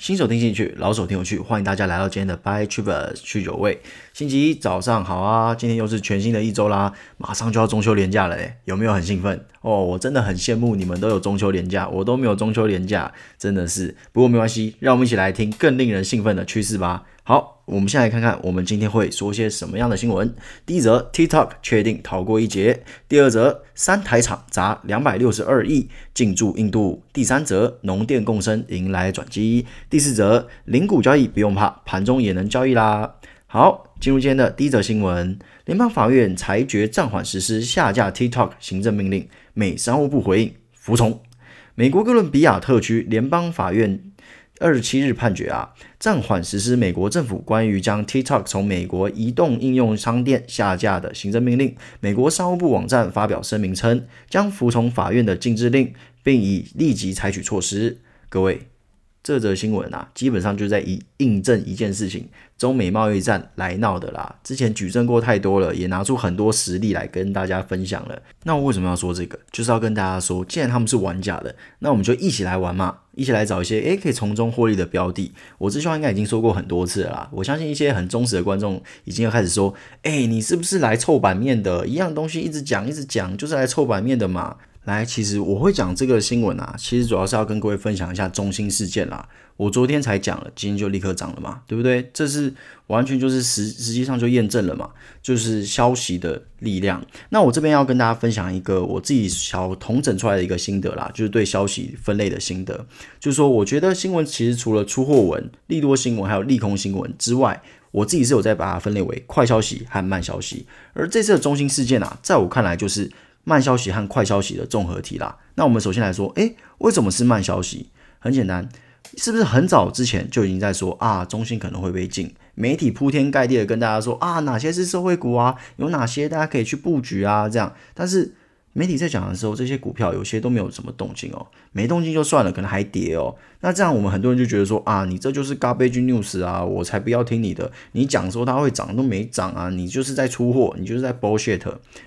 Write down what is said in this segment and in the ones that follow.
新手聽進去，老手聽有趣，歡迎大家來到今天的 Buy Tribers 去九位。星期一早上好啊，今天又是全新的一周啦，馬上就要中秋連假了哎、欸，有沒有很興奮哦？我真的很羨慕你們都有中秋連假，我都沒有中秋連假，真的是。不過沒關係，讓我們一起來聽更令人興奮的趨勢吧。好，我們先來看看我們今天會說些什麼樣的新聞。第一則，TikTok 確定逃過一劫；第二則，三台廠砸兩百六十二億進駐印度；第三則，農電共生迎來轉機；第四則，零股交易不用怕，盤中也能交易啦。好，進入今天的第一則新聞：聯邦法院裁決暫緩實施下架 TikTok 行政命令，美商務部回應服從。美國哥倫比亞特區聯邦法院。二十七日判決啊，暫緩實施美國政府關於將 TikTok 從美國移動應用商店下架的行政命令。美國商務部網站發表聲明稱，將服從法院的禁制令，並已立即採取措施。各位。這則新聞啊，基本上就在一印證一件事情，中美貿易戰來鬧的啦。之前舉證過太多了，也拿出很多實例來跟大家分享了。那我為什麼要說這個？就是要跟大家說，既然他們是玩假的，那我們就一起來玩嘛，一起來找一些誒可以從中獲利的標的。我之前應該已經說過很多次了啦，我相信一些很忠實的觀眾已經要開始說，哎，你是不是來湊版面的？一樣東西一直講一直講，就是來湊版面的嘛。來，其實我會講這個新聞啊，其實主要是要跟各位分享一下中心事件啦。我昨天才講了，今天就立刻漲了嘛，對不對？這是完全就是實實際上就驗證了嘛，就是消息的力量。那我這邊要跟大家分享一個我自己想統整出來的一個心得啦，就是對消息分類的心得。就是說，我覺得新聞其實除了出貨文、利多新聞還有利空新聞之外，我自己是有在把它分類為快消息和慢消息。而這次的中心事件啊，在我看來就是。慢消息和快消息的綜合體啦。那我們首先來說，哎、欸，為什麼是慢消息？很簡單，是不是很早之前就已經在說啊，中心可能會被禁，媒體鋪天蓋地的跟大家說啊，哪些是受惠股啊，有哪些大家可以去布局啊，這樣，但是。媒體在講的時候，這些股票有些都沒有什麼動靜哦，沒動靜就算了，可能還跌哦。那這樣我們很多人就覺得說啊，你這就是 garbage news 啊，我才不要聽你的，你講說它會漲都沒漲啊，你就是在出貨，你就是在 bullshit。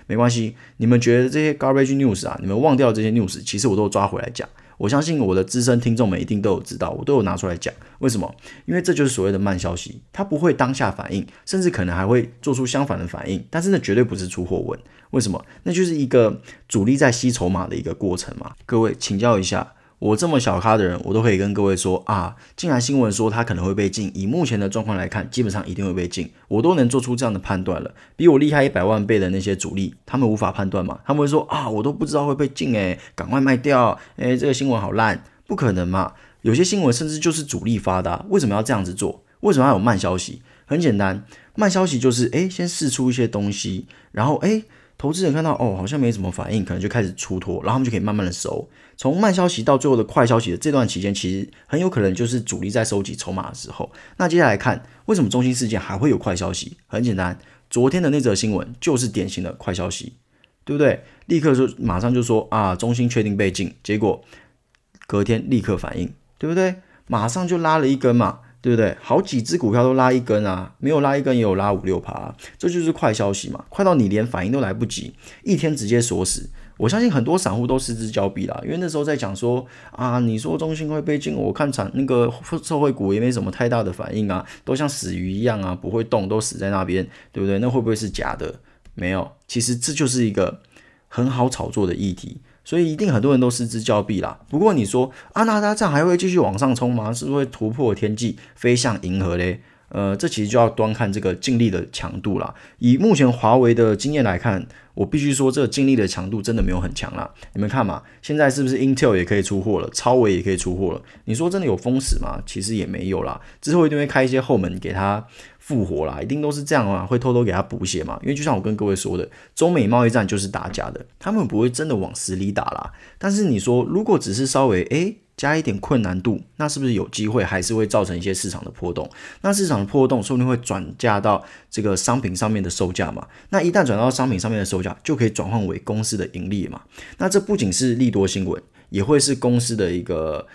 沒關係，你們覺得這些 garbage news 啊，你們忘掉的這些 news，其實我都抓回來講。我相信我的資深聽眾們一定都有知道，我都有拿出來講。為什麼？因為這就是所謂的慢消息，它不會當下反應，甚至可能還會做出相反的反應。但是那絕對不是出貨文，為什麼？那就是一個主力在吸籌碼的一個過程嘛。各位請教一下。我這麼小咖的人，我都可以跟各位說啊，竟然，新聞說它可能會被禁，以目前的狀況來看，基本上一定會被禁，我都能做出這樣的判斷了。比我厲害一百萬倍的那些主力，他們無法判斷嘛？他們會說啊，我都不知道會被禁誒，趕快賣掉誒。這個新聞好爛，不可能嘛？有些新聞甚至就是主力發的啊，為什麼要這樣子做？為什麼要有慢消息？很簡單，慢消息就是誒，先試出一些東西，然後誒。投資人看到哦，好像沒什麼反應，可能就開始出脫，然後他們就可以慢慢的收。從慢消息到最後的快消息的這段期間，其實很有可能就是主力在收集籌碼的時候。那接下來看，為什麼中芯事件還會有快消息？很簡單，昨天的那則新聞就是典型的快消息，對不對？立刻就馬上就說啊，中芯確定被禁，結果隔天立刻反應，對不對？馬上就拉了一根嘛。對不對？好幾隻股票都拉一根啊，沒有拉一根也有拉五六趴，這就是快消息嘛，快到你連反應都來不及，一天直接鎖死。我相信很多散戶都失之交臂啦，因為那時候在講說啊，你說中心會被禁，我看場那個社會股也沒什麼太大的反應啊，都像死魚一樣啊，不會動，都死在那邊，對不對？那會不會是假的？沒有，其實這就是一個很好炒作的議題。所以一定很多人都失之交臂啦。不過你說，啊，那他這樣還會繼續往上衝嗎？是不是會突破天際，飛向銀河嘞？呃，這其實就要端看這個禁令的強度啦。以目前華為的經驗來看，我必須說，這個禁令的強度真的沒有很強啦。你們看嘛，現在是不是 Intel 也可以出貨了，超微也可以出貨了？你說真的有封死嗎？其實也沒有啦，之後一定會開一些後門給他。復活啦，一定都是這樣的話，啊，會偷偷給他補血嘛。因為就像我跟各位說的，中美貿易戰就是打假的，他們不會真的往死裡打啦。但是你說，如果只是稍微誒加一點困難度，那是不是有機會還是會造成一些市場的波動？那市場的波動說不定會轉嫁到這個商品上面的售價嘛。那一旦轉到商品上面的售價，就可以轉換為公司的盈利嘛。那這不僅是利多新聞，也會是公司的一個。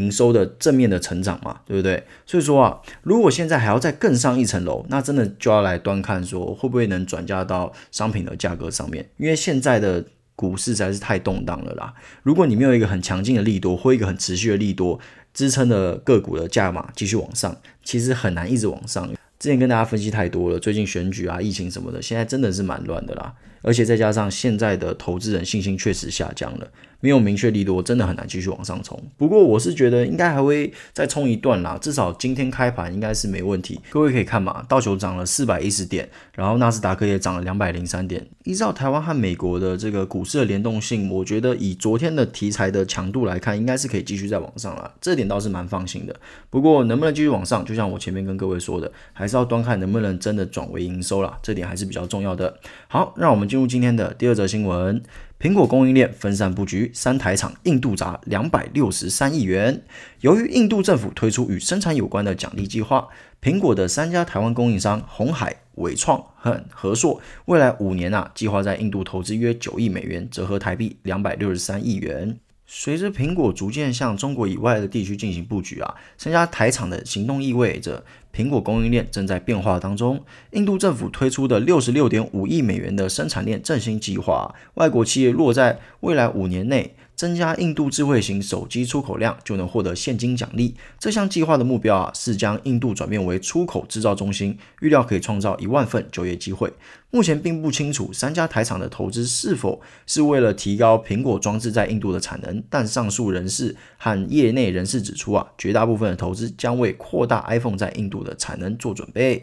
營收的正面的成長嘛，對不對？所以說啊，如果現在還要再更上一層樓，那真的就要來端看說會不會能轉嫁到商品的價格上面。因為現在的股市實在是太動盪了啦。如果你沒有一個很強勁的利多，或一個很持續的利多支撐的個股的價碼繼續往上，其實很難一直往上。之前跟大家分析太多了，最近選舉啊、疫情什麼的，現在真的是蠻亂的啦。而且再加上現在的投資人信心確實下降了，沒有明確利多，我真的很難繼續往上衝。不過我是覺得應該還會再衝一段啦，至少今天開盤應該是沒問題。各位可以看嘛，道瓊漲了四百一十點，然後納斯達克也漲了兩百零三點。依照台灣和美國的這個股市的聯動性，我覺得以昨天的題材的強度來看，應該是可以繼續再往上了，這點倒是蠻放心的。不過能不能繼續往上，就像我前面跟各位說的，還是要端看能不能真的轉為營收了，這點還是比較重要的。好，那我們。進入今天的第二則新聞：蘋果供應鏈分散布局，三台廠印度砸兩百六十三億元。由於印度政府推出與生產有關的獎勵計劃，蘋果的三家台灣供應商鴻海、緯創和和碩，未來五年吶、啊，計劃在印度投資約九億美元，折合台幣兩百六十三億元。隨着蘋果逐漸向中國以外的地區進行布局啊，三家台廠的行動意味着。蘋果供應鏈正在變化當中，印度政府推出的六十六點五億美元的生產鏈振興計劃，外國企業若在未來五年內。增加印度智慧型手機出口量就能獲得現金獎勵。這項計劃的目標啊，是將印度轉變為出口製造中心，預料可以創造一萬份就業機會。目前並不清楚三家台廠的投資是否是為了提高蘋果裝置在印度的產能，但上述人士和業內人士指出啊，絕大部分的投資將為擴大 iPhone 在印度的產能做準備。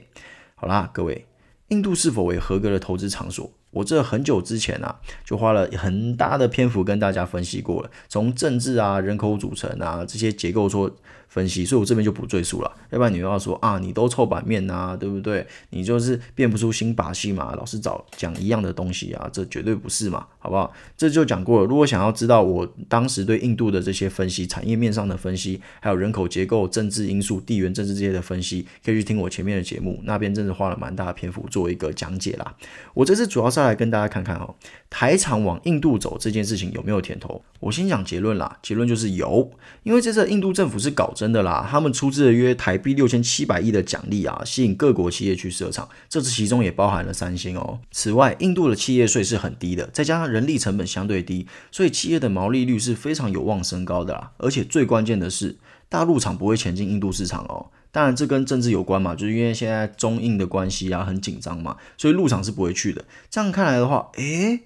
好啦，各位，印度是否為合格的投資場所？我這很久之前啊，就花了很大的篇幅跟大家分析過了，從政治啊、人口組成啊這些結構說。分析，所以我這邊就不贅述了。要不然你又要說啊，你都湊版面吶、啊，對不對？你就是變不出新把戲嘛，老是找講一樣的東西啊，這絕對不是嘛，好不好？這就講過了。如果想要知道我當時對印度的這些分析，產業面上的分析，還有人口結構、政治因素、地緣政治這些的分析，可以去聽我前面的節目，那邊真是花了蠻大的篇幅做一個講解啦。我這次主要是要來跟大家看看哦，台廠往印度走這件事情有沒有甜頭。我先講結論啦，結論就是有，因為這次印度政府是搞。真的啦，他們出資了約台幣六千七百億的獎勵啊，吸引各國企業去設廠。這次其中也包含了三星哦。此外，印度的企業稅是很低的，再加上人力成本相對低，所以企業的毛利率是非常有望升高的啦。而且最關鍵的是，大陸廠不會前進印度市場哦。當然，這跟政治有關嘛，就是因為現在中印的關係啊很緊張嘛，所以陸廠是不會去的。這樣看來的話，誒、欸。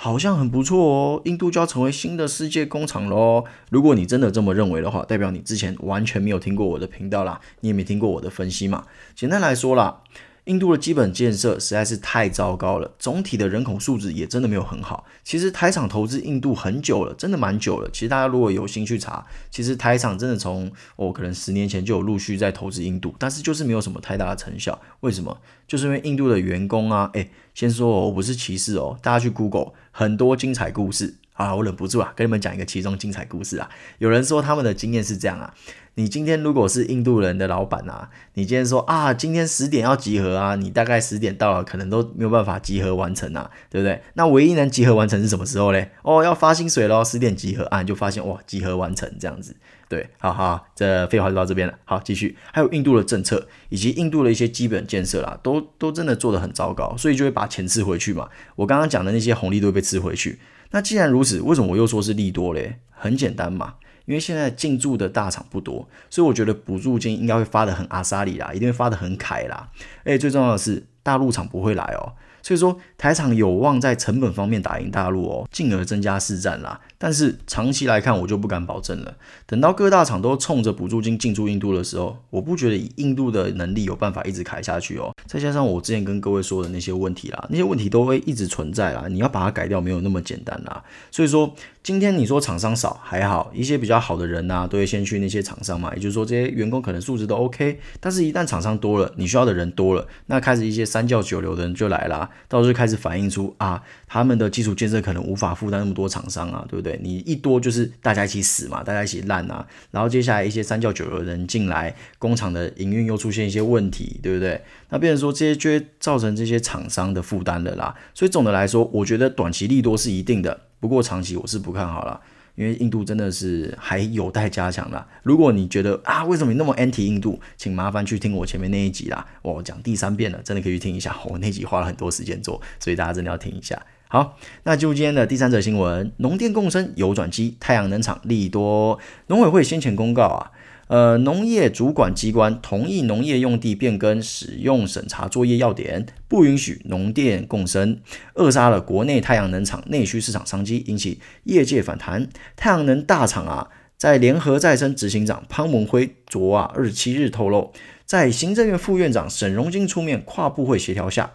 好像很不錯哦，印度就要成為新的世界工廠嘍。如果你真的這麼認為的話，代表你之前完全沒有聽過我的頻道啦，你也沒聽過我的分析嘛。簡單來說啦。印度的基本建設實在是太糟糕了，總體的人口素質也真的沒有很好。其實台廠投資印度很久了，真的蠻久了。其實大家如果有心去查，其實台廠真的從哦，可能十年前就有陸續在投資印度，但是就是沒有什麼太大的成效。為什麼？就是因為印度的員工啊，哎、欸，先說哦，我不是歧視哦，大家去 Google，很多精彩故事。啊，我忍不住啊，跟你們講一個其中精彩故事啊。有人說他們的經驗是這樣啊，你今天如果是印度人的老闆啊，你今天說啊，今天十點要集合啊，你大概十點到了，可能都沒有辦法集合完成啊，對不對？那唯一能集合完成是什麼時候嘞？哦，要發薪水嘍，十點集合啊，你就發現哇，集合完成這樣子，對，好好，這廢話就到這邊了。好，繼續，還有印度的政策以及印度的一些基本建設啦、啊，都都真的做得很糟糕，所以就會把錢吃回去嘛。我剛剛講的那些紅利都會被吃回去。那既然如此，為什麼我又說是利多嘞？很簡單嘛，因為現在進駐的大廠不多，所以我覺得補助金應該會發得很阿薩里啦，一定會發得很凱啦。哎、欸，最重要的是大陸廠不會來哦，所以說台廠有望在成本方面打贏大陸哦，進而增加市占啦。但是長期來看，我就不敢保證了。等到各大廠都沖着補助金進駐印度的時候，我不覺得以印度的能力有辦法一直開下去哦。再加上我之前跟各位說的那些問題啦，那些問題都會一直存在啦。你要把它改掉，沒有那麼簡單啦。所以說，今天你說廠商少還好，一些比較好的人吶、啊，都會先去那些廠商嘛。也就是說，這些員工可能素質都 OK。但是，一旦廠商多了，你需要的人多了，那開始一些三教九流的人就來啦，到時候就開始反映出啊。他們的基礎建設可能無法負擔那麼多廠商啊，對不對？你一多就是大家一起死嘛，大家一起爛啊。然後接下來一些三教九流的人進來，工廠的營運又出現一些問題，對不對？那變成說這些就會造成這些廠商的負擔了啦。所以總的來說，我覺得短期利多是一定的，不過長期我是不看好了，因為印度真的是還有待加強啦。如果你覺得啊，為什麼你那麼 anti 印度，請麻煩去聽我前面那一集啦，我講第三遍了，真的可以去聽一下，我那集花了很多時間做，所以大家真的要聽一下。好，那就今天的第三則新聞，農電共生有轉機，太陽能廠利多。農委會先前公告啊，呃，農業主管機關同意農業用地變更使用審查作業要點，不允許農電共生，扼殺了國內太陽能廠內需市場商機，引起業界反彈。太陽能大廠啊，在聯合再生執行長潘文輝昨啊二十七日透露，在行政院副院長沈榮津出面跨部會協調下。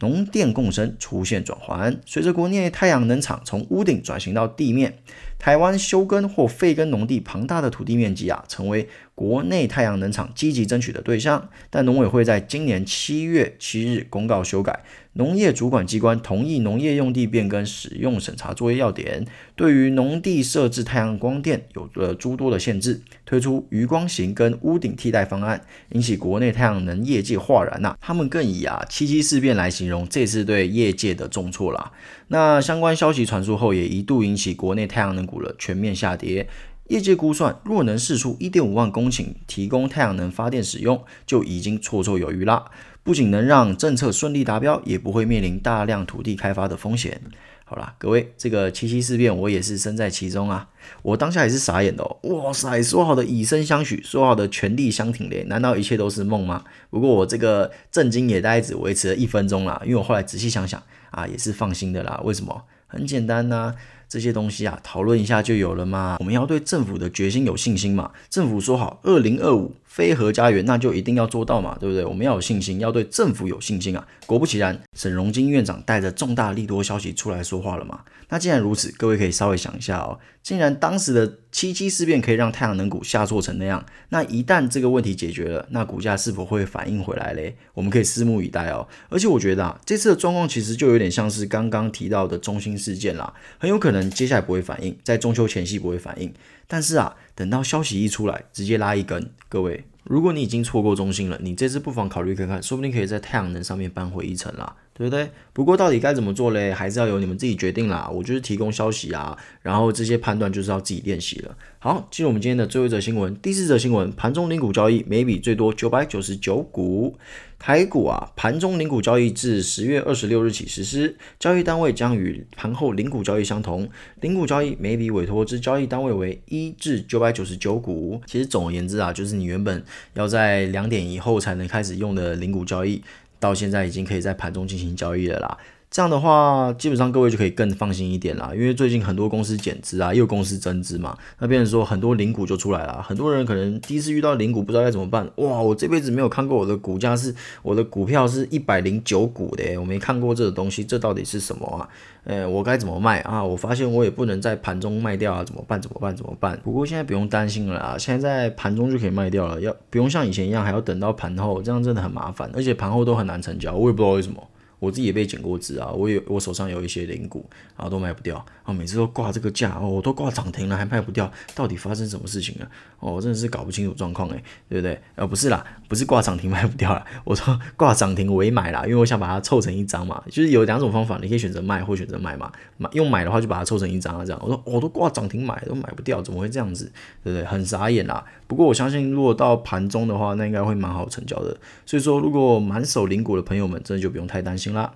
農電共生出現轉換，隨着國內太陽能廠從屋頂轉型到地面，台灣休耕或廢耕農地龐大的土地面積啊，成為國內太陽能廠積極爭取的對象。但農委會在今年七月七日公告修改，農業主管機關同意農業用地變更使用審查作業要點，對於農地設置太陽光電有了諸多的限制，推出漁光型跟屋頂替代方案，引起國內太陽能業界嘩然吶、啊。他們更以啊七七事變來形容這次對業界的重挫啦。那相關消息傳出後，也一度引起國內太陽能股的全面下跌。業界估算，若能釋出一點五萬公頃提供太陽能發電使用，就已經綽綽有餘啦。不僅能讓政策順利達標，也不會面臨大量土地開發的風險。好啦，各位，這個七七事變我也是身在其中啊，我當下也是傻眼的哦。哇塞，說好的以身相許，說好的全力相挺嘞，難道一切都是夢嗎？不過我這個震驚也大概只維持了一分鐘啦，因為我後來仔細想想啊，也是放心的啦。為什麼？很簡單吶，啊，這些東西啊，討論一下就有了嘛。我們要對政府的決心有信心嘛。政府說好二零二五。2025，非核家園，那就一定要做到嘛，對不對？我們要有信心，要對政府有信心啊！果不其然，沈榮金院長帶着重大利多消息出來說話了嘛。那既然如此，各位可以稍微想一下哦。既然當時的七七事變可以讓太陽能股下挫成那樣，那一旦這個問題解決了，那股價是否會反應回來嘞？我們可以拭目以待哦。而且我覺得啊，這次的狀況其實就有點像是剛剛提到的中芯事件啦，很有可能接下來不會反應，在中秋前夕不會反應，但是啊，等到消息一出來，直接拉一根，各位。如果你已經錯過中心了，你這次不妨考慮看看，說不定可以在太陽能上面扳回一城啦，對不對？不過到底該怎麼做嘞，還是要由你們自己決定啦。我就是提供消息啊，然後這些判斷就是要自己練習了。好，進入我們今天的最後一則新聞，第四則新聞，盤中零股交易，每筆最多九百九十九股。台股啊，盤中零股交易自十月二十六日起實施，交易單位將與盤後零股交易相同。零股交易每筆委託之交易單位為一至九百九十九股。其實總而言之啊，就是你原本要在兩點以後才能開始用的零股交易，到現在已經可以在盤中進行交易了啦。這樣的話，基本上各位就可以更放心一點啦。因為最近很多公司減資啊，又公司增資嘛，那變成說很多零股就出來了。很多人可能第一次遇到零股，不知道該怎麼辦。哇，我這輩子沒有看過我的股價是，我的股票是一百零九股的，欸，我沒看過這個東西，這到底是什麼啊？哎，欸，我該怎麼賣啊？我發現我也不能在盤中賣掉啊，怎麼辦？怎麼辦？怎麼辦？不過現在不用擔心了啊，現在在盤中就可以賣掉了，要不用像以前一樣還要等到盤後，這樣真的很麻煩，而且盤後都很難成交，我也不知道為什麼。我自己也被減過資啊，我有我手上有一些零股啊，然後都賣不掉啊，每次都掛這個價哦，我都掛漲停了還賣不掉，到底發生什麼事情啊？哦，我真的是搞不清楚狀況哎、欸，對不對？呃、啊，不是啦，不是掛漲停賣不掉了，我說掛漲停我也買啦，因為我想把它湊成一張嘛，就是有兩種方法，你可以選擇賣或選擇買嘛，買用買的話就把它湊成一張啊，這樣我說我、哦、都掛漲停買都買不掉，怎麼會這樣子？對不對？很傻眼啦。不過我相信如果到盤中的話，那應該會蠻好成交的。所以說，如果滿手零股的朋友們，真的就不用太擔心。行了，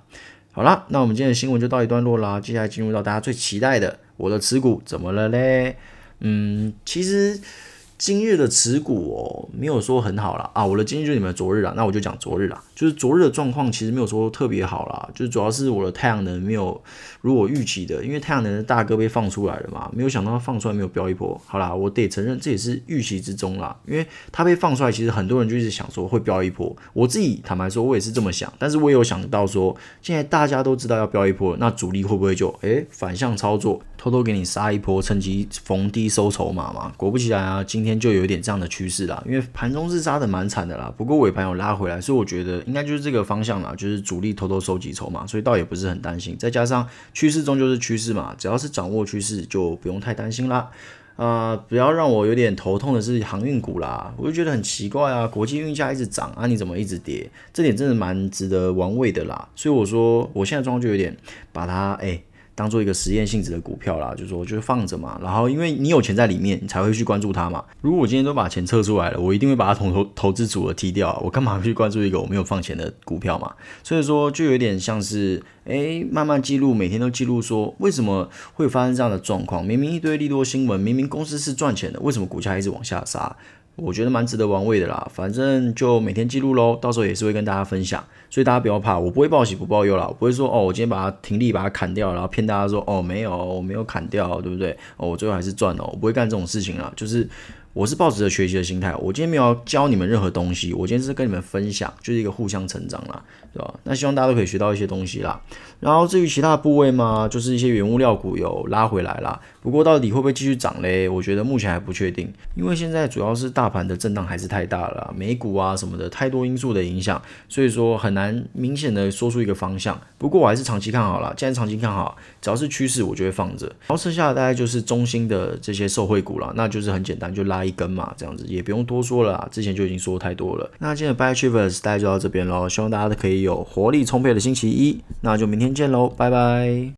好了，那我們今天的新聞就到一段落啦。接下來進入到大家最期待的，我的持股怎麼了嘞？嗯，其實。今日的持股哦，沒有說很好啦。啊。我的今日就是你們昨日啊，那我就講昨日啦，就是昨日的狀況其實沒有說特別好啦，就是主要是我的太陽能沒有如我預期的，因為太陽能的大哥被放出來了嘛，沒有想到他放出來沒有飆一波。好啦，我得承認這也是預期之中啦，因為他被放出來，其實很多人就一直想說會飆一波。我自己坦白說，我也是這麼想，但是我也有想到說，現在大家都知道要飆一波，那主力會不會就，哎，反向操作，偷偷給你殺一波，趁機逢低收籌碼嘛？果不其然啊，今天。就有一點這樣的趨勢啦，因為盤中是殺的蠻慘的啦，不過尾盤有拉回來，所以我覺得應該就是這個方向啦，就是主力偷偷收集籌碼，所以倒也不是很擔心。再加上趨勢終究是趨勢嘛，只要是掌握趨勢就不用太擔心啦。啊、呃，不要讓我有點頭痛的是航運股啦，我就覺得很奇怪啊，國際運價一直漲啊，你怎麼一直跌？這點真的蠻值得玩味的啦。所以我說我現在狀況就有點把它哎。欸當做一個實驗性質的股票啦，就說就是放着嘛。然後因為你有錢在裡面，你才會去關注它嘛。如果我今天都把錢撤出來了，我一定會把它投投投資組合踢掉啊。我幹嘛去關注一個我沒有放錢的股票嘛？所以說就有點像是哎，慢慢記錄，每天都記錄說，為什麼會發生這樣的狀況。明明一堆利多新聞，明明公司是賺錢的，為什麼股價還一直往下殺？我覺得蠻值得玩味的啦，反正就每天記錄嘍，到時候也是會跟大家分享，所以大家不要怕，我不會報喜不報憂啦，我不會說哦，我今天把它停利，把它砍掉，然後騙大家說哦，沒有，我沒有砍掉，對不對？哦，我最後還是賺了，我不會幹這種事情啦，就是。我是抱着學習的心態，我今天沒有教你們任何東西，我今天是跟你們分享，就是一個互相成長啦，對吧？那希望大家都可以學到一些東西啦。然後至於其他的部位嘛，就是一些原物料股有拉回來啦，不過到底會不會繼續漲嘞？我覺得目前還不確定，因為現在主要是大盤的震盪還是太大了啦，美股啊什麼的太多因素的影響，所以說很難明顯的說出一個方向。不過我還是長期看好了，既然長期看好，只要是趨勢我就會放着。然後剩下的大概就是中心的這些受惠股了，那就是很簡單就拉。一根嘛，這樣子也不用多說了，啊，之前就已經說太多了。那今天的 Buyachievers 大家就到這邊嘍，希望大家都可以有活力充沛的星期一，那就明天見嘍，拜拜。